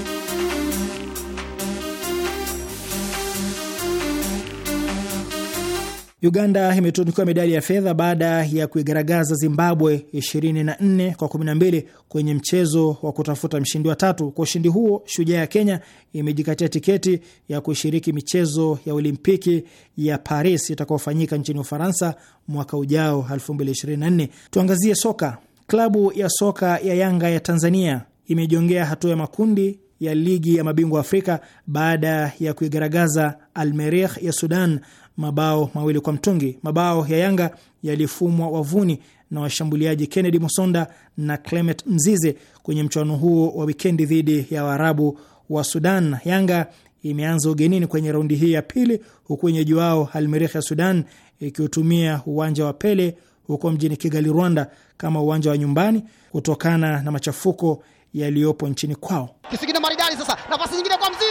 A: Uganda imetunikiwa medali ya fedha baada ya kuigaragaza Zimbabwe 24 kwa 12 kwenye mchezo wa kutafuta mshindi wa tatu. Kwa ushindi huo, shujaa ya Kenya imejikatia tiketi ya kushiriki michezo ya Olimpiki ya Paris itakayofanyika nchini Ufaransa mwaka ujao 2024. Tuangazie soka. Klabu ya soka ya Yanga ya Tanzania imejongea hatua ya makundi ya ligi ya mabingwa Afrika baada ya kuigaragaza Almerih ya Sudan mabao mawili kwa mtungi. Mabao ya Yanga yalifumwa wavuni na washambuliaji Kennedy Musonda na Clement Mzize kwenye mchuano huo wa wikendi dhidi ya Waarabu wa Sudan. Yanga imeanza ugenini kwenye raundi hii ya pili, huku wenyeji wao Almerikh ya Sudan ikiutumia uwanja wa Pele huko mjini Kigali, Rwanda, kama uwanja wa nyumbani kutokana na machafuko yaliyopo nchini kwao.
D: Kisigino
B: maridadi sasa, nafasi nyingine kwa Mzize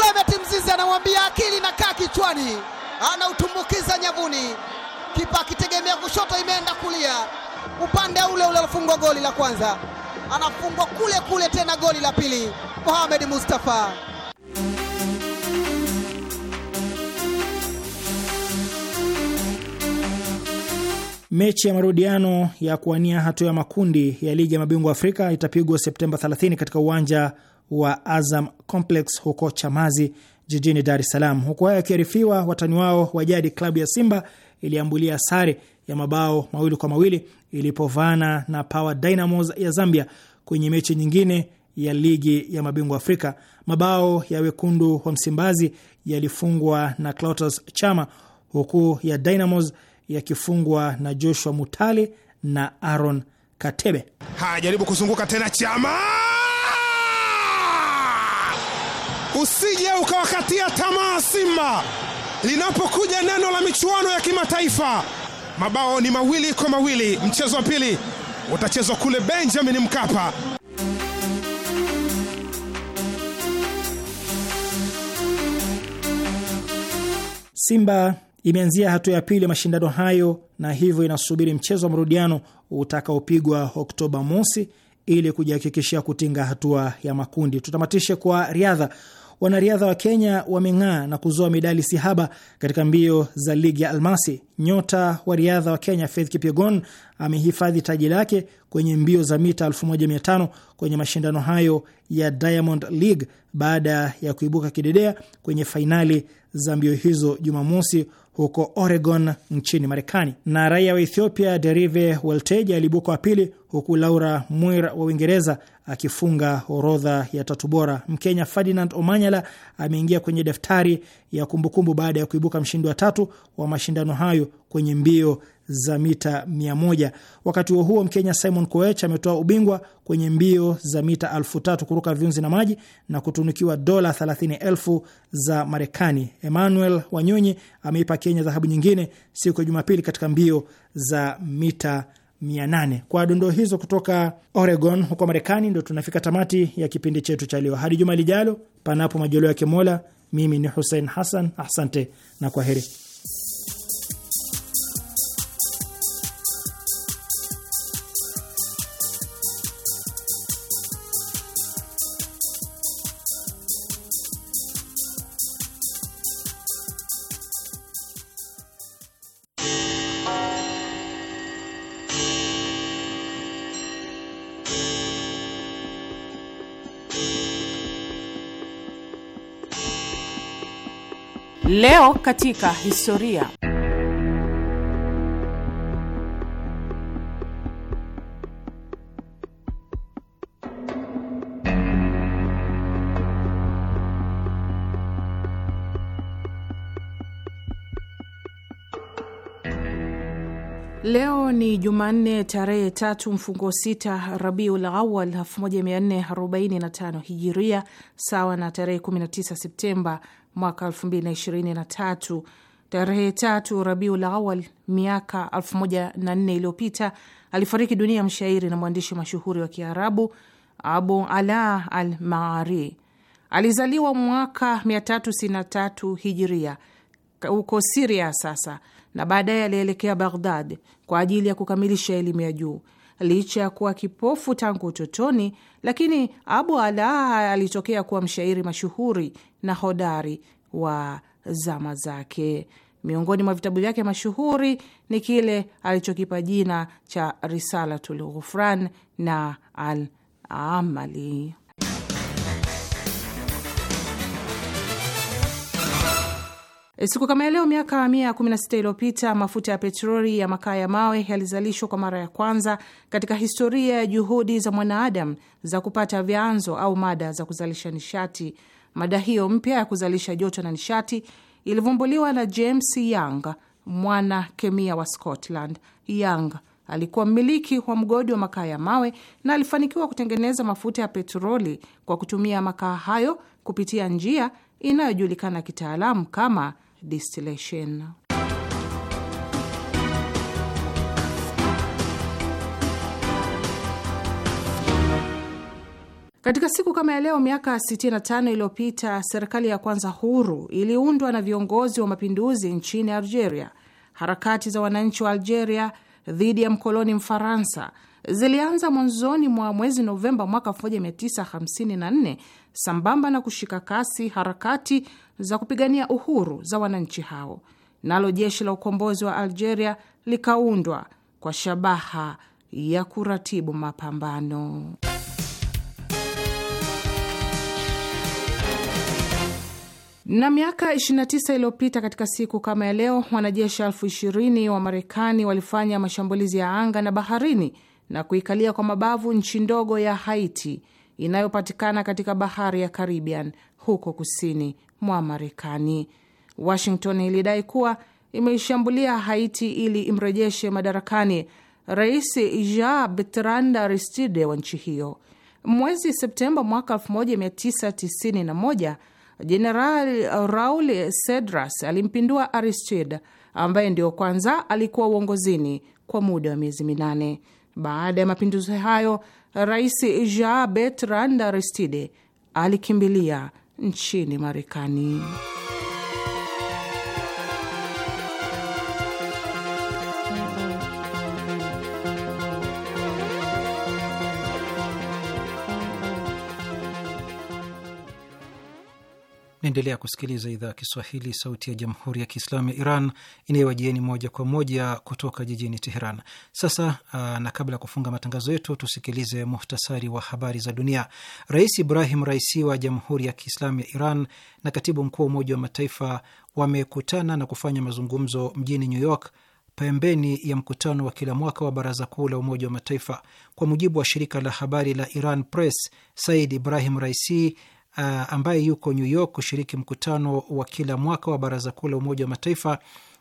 D: Clement Mzize anamwambia akili na kaa kichwani, anautumbukiza nyavuni, kipa akitegemea kushoto, imeenda kulia, upande ule ule alofungwa goli la kwanza,
C: anafungwa kule kule tena goli la pili, Mohamed Mustafa.
A: Mechi ya marudiano ya kuwania hatua ya makundi ya ligi ya mabingwa Afrika itapigwa Septemba 30 katika uwanja wa Azam Complex huko Chamazi jijini Dar es Salaam. Huku hayo akiarifiwa watani wao wa jadi klabu ya Simba iliambulia sare ya mabao mawili kwa mawili ilipovana na Power Dynamos ya Zambia kwenye mechi nyingine ya ligi ya mabingwa Afrika. Mabao ya wekundu wa Msimbazi yalifungwa na Clatous Chama huku ya Dynamos yakifungwa na Joshua Mutale na Aaron Katebe. Hajaribu kuzunguka tena Chama usije ukawakatia tamaa Simba linapokuja neno la michuano ya kimataifa. Mabao ni mawili kwa mawili, mchezo wa pili utachezwa kule Benjamin Mkapa. Simba imeanzia hatua ya pili ya mashindano hayo na hivyo inasubiri mchezo wa marudiano utakaopigwa Oktoba mosi ili kujihakikishia kutinga hatua ya makundi. Tutamatishe kwa riadha. Wanariadha wa Kenya wameng'aa na kuzoa medali sihaba katika mbio za ligi ya almasi. Nyota wa riadha wa Kenya Faith Kipyegon amehifadhi taji lake kwenye mbio za mita 1500 kwenye mashindano hayo ya Diamond League baada ya kuibuka kidedea kwenye fainali za mbio hizo Jumamosi huko Oregon nchini Marekani, na raia wa Ethiopia Derive Weltej aliibuka wa pili, huku Laura Mwir wa Uingereza akifunga orodha ya tatu bora. Mkenya Ferdinand Omanyala ameingia kwenye daftari ya kumbukumbu baada ya kuibuka mshindi wa tatu wa mashindano hayo kwenye mbio za mita 100. Wakati huo huo, Mkenya Simon Koech ametoa ubingwa kwenye mbio za mita 3 kuruka viunzi na maji na kutunukiwa dola thelathini za Marekani. Emmanuel Wanyonyi ameipa Kenya dhahabu nyingine siku ya Jumapili katika mbio za mita 800. Kwa dondoo hizo kutoka Oregon huko Marekani, ndio tunafika tamati ya kipindi chetu cha leo. Hadi juma lijalo, panapo majaliwa yake Mola, mimi ni Hussein Hassan, asante na heri.
D: Leo katika historia. Leo ni Jumanne tarehe tatu mfungo sita Rabiul Awal 1445 Hijiria, sawa na tarehe 19 Septemba mwaka 2023 tarehe tatu Rabiul Awal miaka 14 iliyopita alifariki dunia mshairi na mwandishi mashuhuri wa Kiarabu Abu Ala al Maari. Alizaliwa mwaka 363 hijiria huko Siria sasa, na baadaye alielekea Baghdad kwa ajili ya kukamilisha elimu ya juu. Licha ya kuwa kipofu tangu utotoni, lakini Abu Ala alitokea kuwa mshairi mashuhuri na hodari wa zama zake. Miongoni mwa vitabu vyake mashuhuri ni kile alichokipa jina cha Risalatul Ghufran na Al Amali. E, siku kama ya leo miaka 116 iliyopita mafuta ya petroli ya makaa ya mawe yalizalishwa kwa mara ya kwanza katika historia ya juhudi za mwanadamu za kupata vyanzo au mada za kuzalisha nishati. Mada hiyo mpya ya kuzalisha joto na nishati ilivumbuliwa na James Young, mwana kemia wa Scotland. Young alikuwa mmiliki wa mgodi wa makaa ya mawe na alifanikiwa kutengeneza mafuta ya petroli kwa kutumia makaa hayo kupitia njia inayojulikana kitaalamu kama distillation. Katika siku kama ya leo miaka 65 iliyopita serikali ya kwanza huru iliundwa na viongozi wa mapinduzi nchini Algeria. Harakati za wananchi wa Algeria dhidi ya mkoloni Mfaransa zilianza mwanzoni mwa mwezi Novemba mwaka 1954 sambamba na kushika kasi harakati za kupigania uhuru za wananchi hao. Nalo jeshi la ukombozi wa Algeria likaundwa kwa shabaha ya kuratibu mapambano. Na miaka 29 iliyopita katika siku kama ya leo, wanajeshi elfu ishirini wa Marekani walifanya mashambulizi ya anga na baharini na kuikalia kwa mabavu nchi ndogo ya Haiti inayopatikana katika bahari ya Caribbean huko kusini mwa Marekani. Washington ilidai kuwa imeishambulia Haiti ili imrejeshe madarakani Rais Jean Bertrand Aristide wa nchi hiyo. Mwezi Septemba mwaka 1991 Jenerali Raul Cedras alimpindua Aristide ambaye ndio kwanza alikuwa uongozini kwa muda wa miezi minane. Baada ya mapinduzi hayo, Rais Jean Bertrand Aristide alikimbilia nchini Marekani.
C: Naendelea kusikiliza idhaa ya Kiswahili, sauti ya jamhuri ya kiislamu ya Iran inayowajieni moja kwa moja kutoka jijini Teheran. Sasa uh, na kabla ya kufunga matangazo yetu tusikilize muhtasari wa habari za dunia. Rais Ibrahim Raisi wa jamhuri ya kiislamu ya Iran na katibu mkuu wa Umoja wa Mataifa wamekutana na kufanya mazungumzo mjini New York pembeni ya mkutano wa kila mwaka wa Baraza Kuu la Umoja wa Mataifa. Kwa mujibu wa shirika la habari la Iran Press, Said Ibrahim Raisi uh, ambaye yuko New York kushiriki mkutano wa kila mwaka wa Baraza Kuu la Umoja wa Mataifa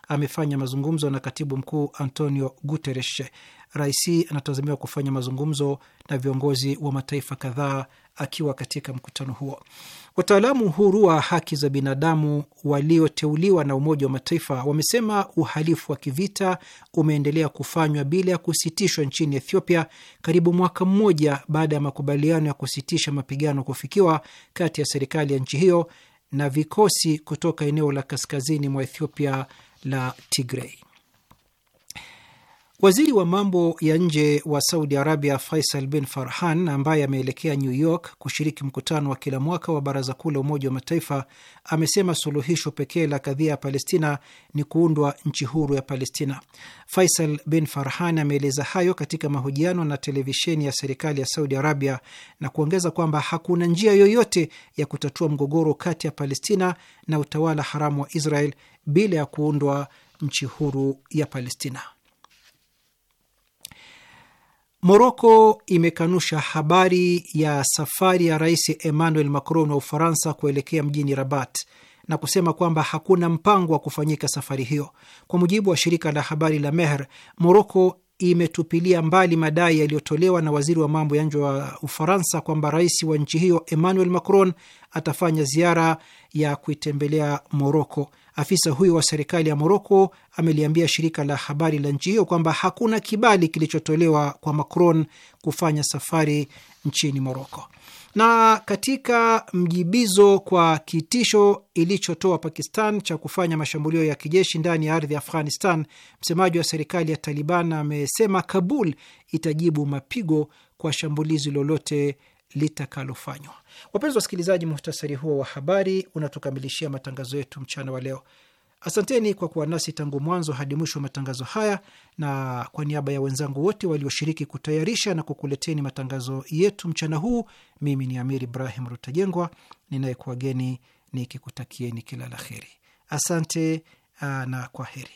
C: amefanya mazungumzo na katibu mkuu Antonio Guterres. Rais anatazamiwa kufanya mazungumzo na viongozi wa mataifa kadhaa akiwa katika mkutano huo. Wataalamu huru wa haki za binadamu walioteuliwa na Umoja wa Mataifa wamesema uhalifu wa kivita umeendelea kufanywa bila ya kusitishwa nchini Ethiopia, karibu mwaka mmoja baada ya makubaliano ya kusitisha mapigano kufikiwa kati ya serikali ya nchi hiyo na vikosi kutoka eneo la kaskazini mwa Ethiopia la Tigray. Waziri wa mambo ya nje wa Saudi Arabia Faisal bin Farhan, ambaye ameelekea New York kushiriki mkutano wa kila mwaka wa Baraza Kuu la Umoja wa Mataifa, amesema suluhisho pekee la kadhia ya Palestina ni kuundwa nchi huru ya Palestina. Faisal bin Farhan ameeleza hayo katika mahojiano na televisheni ya serikali ya Saudi Arabia na kuongeza kwamba hakuna njia yoyote ya kutatua mgogoro kati ya Palestina na utawala haramu wa Israel bila ya kuundwa nchi huru ya Palestina. Moroko imekanusha habari ya safari ya Rais Emmanuel Macron wa Ufaransa kuelekea mjini Rabat na kusema kwamba hakuna mpango wa kufanyika safari hiyo. Kwa mujibu wa shirika la habari la Mehr, Moroko imetupilia mbali madai yaliyotolewa na waziri wa mambo ya nje wa Ufaransa kwamba rais wa nchi hiyo Emmanuel Macron atafanya ziara ya kuitembelea Moroko. Afisa huyo wa serikali ya Moroko ameliambia shirika la habari la nchi hiyo kwamba hakuna kibali kilichotolewa kwa Macron kufanya safari nchini Moroko. Na katika mjibizo kwa kitisho ilichotoa Pakistan cha kufanya mashambulio ya kijeshi ndani ya ardhi ya Afghanistan, msemaji wa serikali ya Taliban amesema Kabul itajibu mapigo kwa shambulizi lolote litakalofanywa. Wapenzi wasikilizaji, muhtasari huo wa habari unatukamilishia matangazo yetu mchana wa leo. Asanteni kwa kuwa nasi tangu mwanzo hadi mwisho wa matangazo haya, na kwa niaba ya wenzangu wote walioshiriki kutayarisha na kukuleteni matangazo yetu mchana huu, mimi ni Amir Ibrahim Rutajengwa ninayekuwageni nikikutakieni kila la heri. Asante ah, na kwa heri.